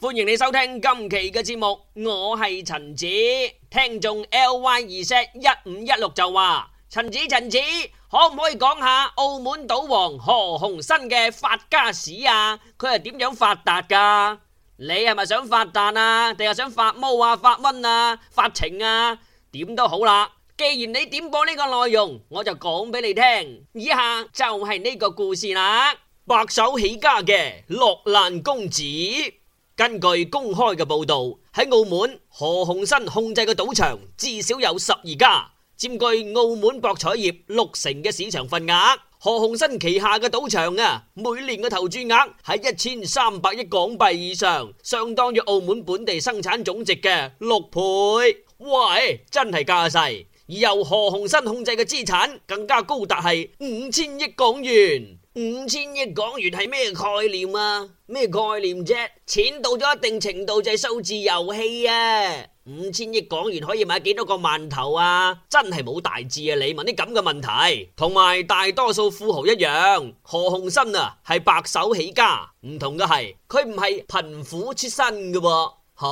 歡迎你收聽今期嘅節目，我係陳子聽眾 L Y Z 一五一六就話：陳子陳子，可唔可以講下澳門賭王何鴻燊嘅發家史啊？佢係點樣發達噶？你係咪想發達啊？定係想發毛啊、發瘟啊、發情啊？點都好啦，既然你點播呢個內容，我就講俾你聽。以下就係呢個故事啦，白手起家嘅落難公子。根據公開嘅報道，喺澳門何鴻燊控制嘅賭場至少有十二家，佔據澳門博彩業六成嘅市場份額。何鴻燊旗下嘅賭場啊，每年嘅投注額喺一千三百億港幣以上，相當於澳門本地生產總值嘅六倍。喂，真係架勢！而由何鴻燊控制嘅資產更加高達係五千億港元。五千億港元係咩概念啊？咩概念啫？錢到咗一定程度就係數字遊戲啊。五千億港元可以買幾多個饅頭啊？真係冇大志啊！你問啲咁嘅問題，同埋大多數富豪一樣，何鴻燊啊係白手起家，唔同嘅係佢唔係貧苦出身嘅，吓，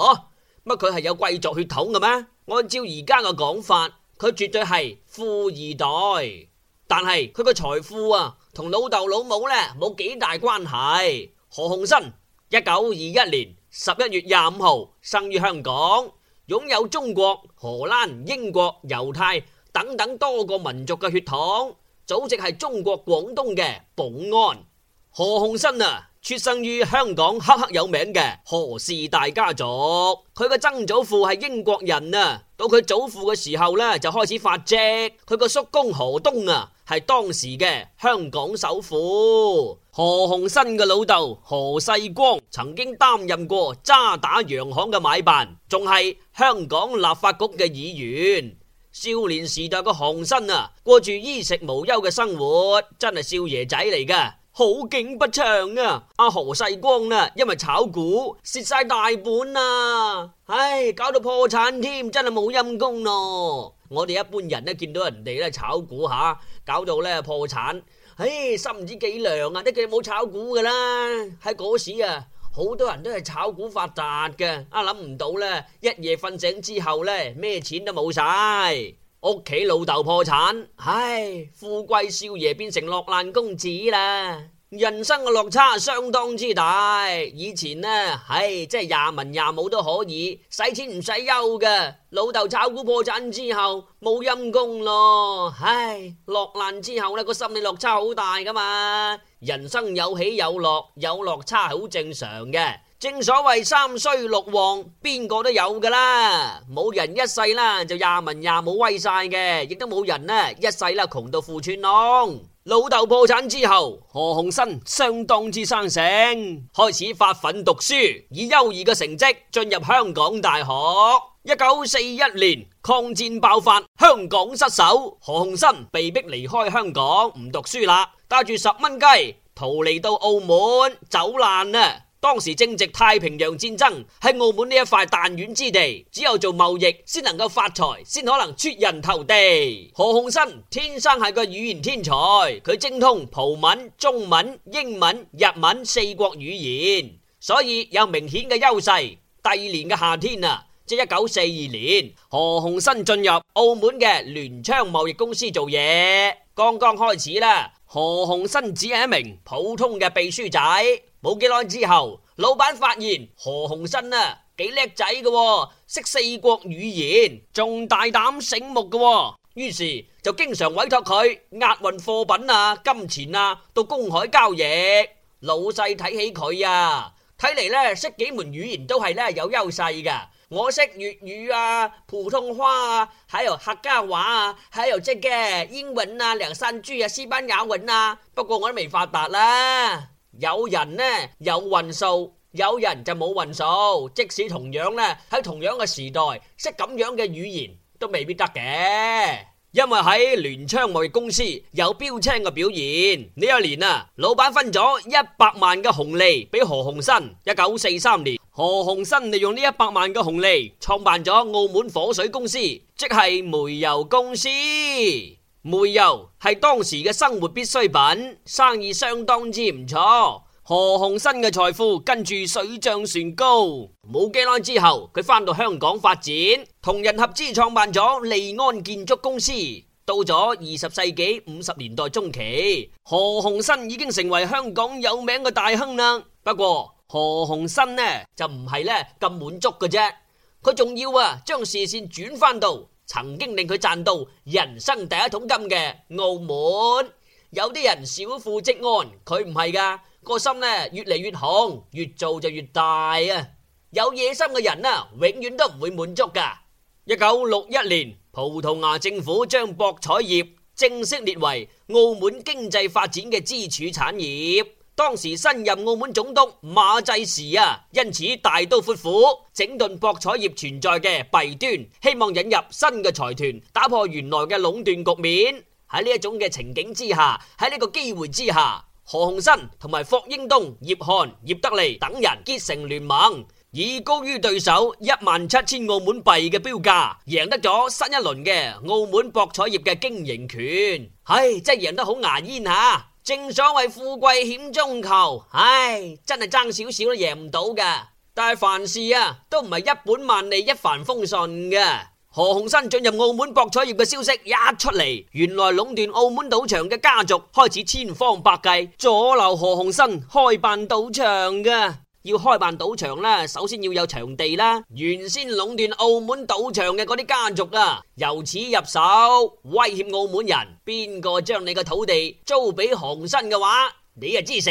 乜佢係有貴族血統嘅咩？按照而家嘅講法，佢絕對係富二代，但係佢個財富啊。同老豆老母呢冇幾大關係。何鴻燊，一九二一年十一月廿五號生於香港，擁有中國、荷蘭、英國、猶太等等多個民族嘅血統，祖籍係中國廣東嘅寶安。何鴻燊啊，出生於香港，赫赫有名嘅何氏大家族。佢個曾祖父係英國人啊，到佢祖父嘅時候呢，就開始發跡。佢個叔公何東啊。係當時嘅香港首富何鴻燊嘅老豆何世光，曾經擔任過渣打洋行嘅買辦，仲係香港立法局嘅議員。少年時代嘅鴻燊啊，過住衣食無憂嘅生活，真係少爺仔嚟㗎。好景不長啊！阿、啊、何世光啊，因為炒股蝕晒大本啊，唉，搞到破產添，真係冇陰功咯！我哋一般人咧見到人哋咧炒股吓、啊，搞到咧破產，唉、哎，心唔知幾涼啊！都叫冇炒股噶啦，喺嗰時啊，好多人都係炒股發達嘅，啊諗唔到咧，一夜瞓醒之後咧，咩錢都冇晒。屋企老豆破產，唉，富貴少爺變成落難公子啦。人生嘅落差相當之大。以前呢，唉，即係廿文廿武都可以，使錢唔使憂嘅。老豆炒股破產之後冇陰功咯，唉，落難之後呢，個心理落差好大噶嘛。人生有起有落，有落差好正常嘅。正所謂三衰六旺，邊個都有噶啦。冇人一世啦，就廿文廿武威晒嘅，亦都冇人呢一世啦，窮到褲穿窿。老豆破產之後，何鴻燊相當之生性，開始發奮讀書，以優異嘅成績進入香港大學。一九四一年抗戰爆發，香港失守，何鴻燊被逼離開香港，唔讀書啦，帶住十蚊雞逃嚟到澳門，走爛啦。當時正值太平洋戰爭，喺澳門呢一塊彈丸之地，只有做貿易先能夠發財，先可能出人頭地。何鴻燊天生係個語言天才，佢精通葡文、中文、英文、日文四國語言，所以有明顯嘅優勢。第二年嘅夏天啊，即一九四二年，何鴻燊進入澳門嘅聯昌貿易公司做嘢，剛剛開始啦。何鴻燊只係一名普通嘅秘書仔。冇幾耐之後，老闆發現何鴻燊啊幾叻仔嘅，識、哦、四國語言，仲大膽醒目嘅、哦，於是就經常委託佢押運貨品啊、金錢啊到公海交易。老細睇起佢啊，睇嚟咧，識幾門語言都係咧有優勢噶。我識粵語啊、普通話啊，喺度客家話啊，喺度即嘅英文啊、兩三句啊、西班牙文啊，不過我都未發達啦。有人呢有運數，有人就冇運數。即使同樣呢喺同樣嘅時代，識咁樣嘅語言都未必得嘅。因為喺聯昌外公司有標青嘅表現。呢一年啊，老闆分咗一百萬嘅紅利俾何鴻燊。一九四三年，何鴻燊利用呢一百萬嘅紅利創辦咗澳門火水公司，即係煤油公司。煤油係當時嘅生活必需品，生意相當之唔錯。何鴻燊嘅財富跟住水漲船高。冇幾耐之後，佢翻到香港發展，同人合資創辦咗利安建築公司。到咗二十世紀五十年代中期，何鴻燊已經成為香港有名嘅大亨啦。不過何鴻燊呢就唔係呢咁滿足嘅啫，佢仲要啊將視線轉翻到。曾經令佢賺到人生第一桶金嘅澳門，有啲人小富即安，佢唔係噶，個心咧越嚟越紅，越做就越大啊！有野心嘅人啊，永遠都唔會滿足噶。一九六一年，葡萄牙政府將博彩業正式列為澳門經濟發展嘅支柱產業。當時新任澳門總督馬濟時啊，因此大刀闊斧整頓博彩業存在嘅弊端，希望引入新嘅財團，打破原來嘅壟斷局面。喺呢一種嘅情景之下，喺呢個機會之下，何鴻燊同埋霍英東、葉漢、葉德利等人結成聯盟，以高於對手一萬七千澳門幣嘅標價，贏得咗新一輪嘅澳門博彩業嘅經營權。唉，真係贏得好牙煙吓！正所謂富貴險中求，唉，真係爭少少都贏唔到噶。但係凡事啊，都唔係一本萬利，一帆風順噶。何鴻燊進入澳門博彩業嘅消息一出嚟，原來壟斷澳門賭場嘅家族開始千方百計阻撓何鴻燊開辦賭場噶。要開辦賭場啦，首先要有場地啦。原先壟斷澳門賭場嘅嗰啲家族啊，由此入手威脅澳門人。邊個將你嘅土地租俾鴻燊嘅話，你就知死，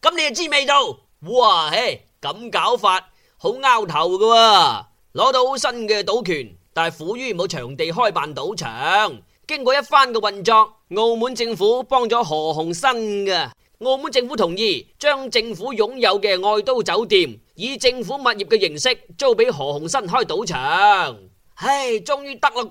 咁你就知味道。哇嘿，咁搞法好拗頭噶，攞、啊、到新嘅賭權，但係苦於冇場地開辦賭場。經過一番嘅運作，澳門政府幫咗何鴻燊嘅。澳門政府同意將政府擁有嘅愛都酒店以政府物業嘅形式租俾何鴻燊開賭場，唉，終於得啦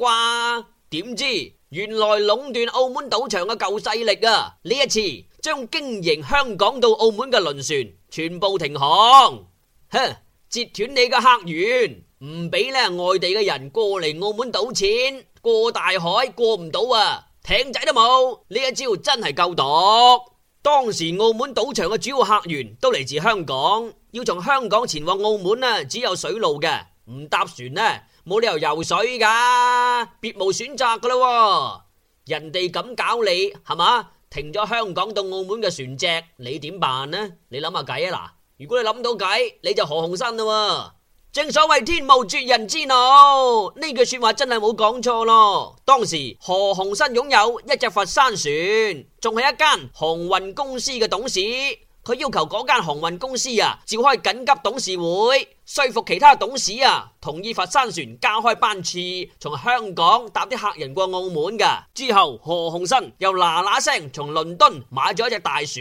啩？點知原來壟斷澳門賭場嘅舊勢力啊，呢一次將經營香港到澳門嘅輪船全部停航，哼，截斷你嘅客源，唔俾咧外地嘅人過嚟澳門賭錢，過大海過唔到啊，艇仔都冇，呢一招真係夠毒。當時澳門賭場嘅主要客源都嚟自香港，要從香港前往澳門咧，只有水路嘅，唔搭船咧，冇理由游水噶，別無選擇噶啦。人哋咁搞你，係嘛？停咗香港到澳門嘅船隻，你點辦呢？你諗下計啊！嗱，如果你諗到計，你就何鴻燊啦。正所謂天無絕人之路，呢句說話真係冇講錯咯。當時何鴻燊擁有一隻佛山船，仲係一間航運公司嘅董事。佢要求嗰間航運公司啊召開緊急董事會，說服其他董事啊同意佛山船加開班次，從香港搭啲客人過澳門噶。之後何鴻燊又嗱嗱聲從倫敦買咗一隻大船，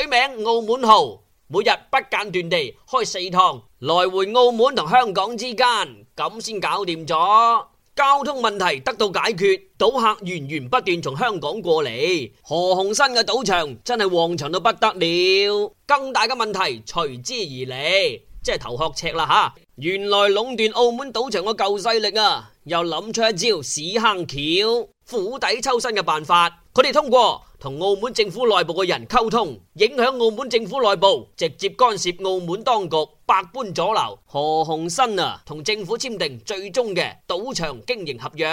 取名澳門號。每日不間斷地開四趟來回澳門同香港之間，咁先搞掂咗。交通問題得到解決，賭客源源不斷從香港過嚟，何鴻燊嘅賭場真係旺場到不得了。更大嘅問題隨之而嚟，即係頭殼赤啦吓。原來壟斷澳門賭場嘅舊勢力啊，又諗出一招屎坑橋釜底抽薪嘅辦法，佢哋通過。同澳門政府內部嘅人溝通，影響澳門政府內部，直接干涉澳門當局，百般阻撓。何鴻燊啊，同政府簽訂最終嘅賭場經營合約。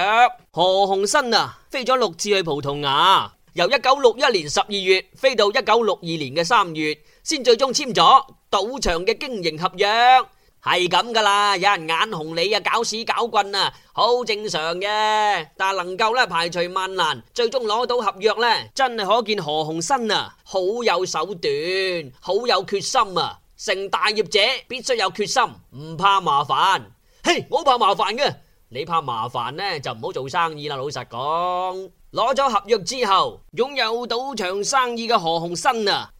何鴻燊啊，飛咗六次去葡萄牙，由一九六一年十二月飛到一九六二年嘅三月，先最終簽咗賭場嘅經營合約。係咁噶啦，有人眼紅你啊，搞屎搞棍啊，好正常嘅。但係能夠咧排除萬難，最終攞到合約咧，真係可見何鴻燊啊，好有手段，好有決心啊！成大業者必須有決心，唔怕麻煩。嘿，我怕麻煩嘅，你怕麻煩咧，就唔好做生意啦。老實講，攞咗合約之後，擁有賭場生意嘅何鴻燊啊！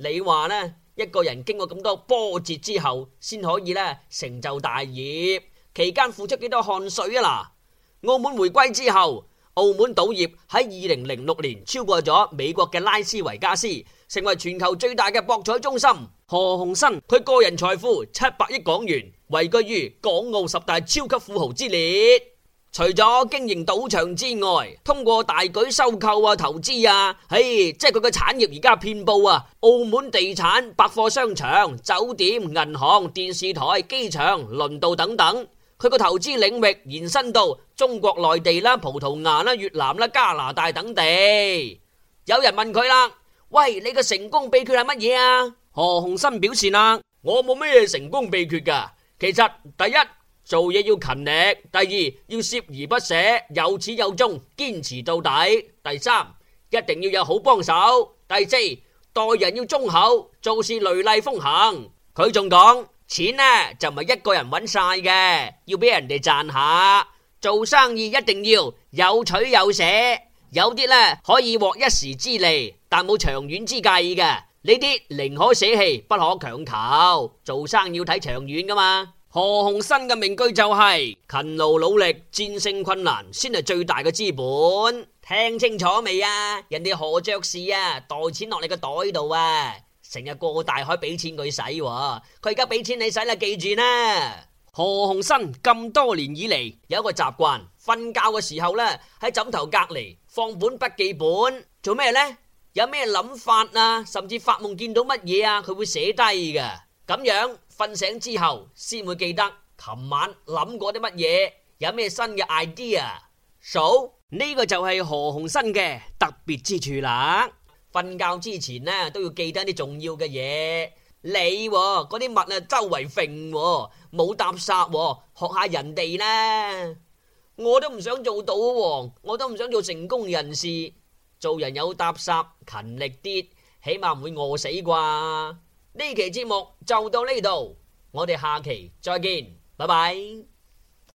你話呢，一個人經過咁多波折之後，先可以呢成就大業，期間付出幾多汗水啊！嗱，澳門回歸之後，澳門賭業喺二零零六年超過咗美國嘅拉斯維加斯，成為全球最大嘅博彩中心。何鴻燊佢個人財富七百億港元，位居於港澳十大超級富豪之列。除咗經營賭場之外，通過大舉收購啊、投資啊，嘿，即係佢個產業而家遍布啊，澳門地產、百貨商場、酒店、銀行、電視台、機場、輪渡等等，佢個投資領域延伸到中國內地啦、葡萄牙啦、越南啦、加拿大等地。有人問佢啦，喂，你個成功秘訣係乜嘢啊？何鴻燊表示啦，我冇咩嘢成功秘訣噶，其實第一。做嘢要勤力，第二要鍥而不捨，有始有終，堅持到底。第三一定要有好幫手。第四待人要忠厚，做事雷厲風行。佢仲講，錢呢就唔係一個人搵晒嘅，要俾人哋賺下。做生意一定要有取有捨，有啲呢可以獲一時之利，但冇長遠之計嘅，呢啲寧可捨棄，不可強求。做生意要睇長遠㗎嘛。何鴻燊嘅名句就係、是、勤勞努力戰勝困難先係最大嘅資本，聽清楚未啊？人哋何爵士啊，袋錢落你個袋度啊，成日過大海俾錢佢使、啊，佢而家俾錢你使啦、啊，記住啦。何鴻燊咁多年以嚟有一個習慣，瞓覺嘅時候呢，喺枕頭隔籬放本筆記本，做咩呢？有咩諗法啊？甚至發夢見到乜嘢啊？佢會寫低嘅，咁樣。瞓醒之後先會記得琴晚諗過啲乜嘢，有咩新嘅 idea？數呢個就係何鴻燊嘅特別之處啦。瞓覺之前呢都要記得啲重要嘅嘢，你嗰啲物啊周圍揈，冇搭煞，學下人哋呢。我都唔想做賭王，我都唔想做成功人士，做人有搭煞勤力啲，起碼唔會餓死啩。呢期節目就到呢度，我哋下期再見，拜拜。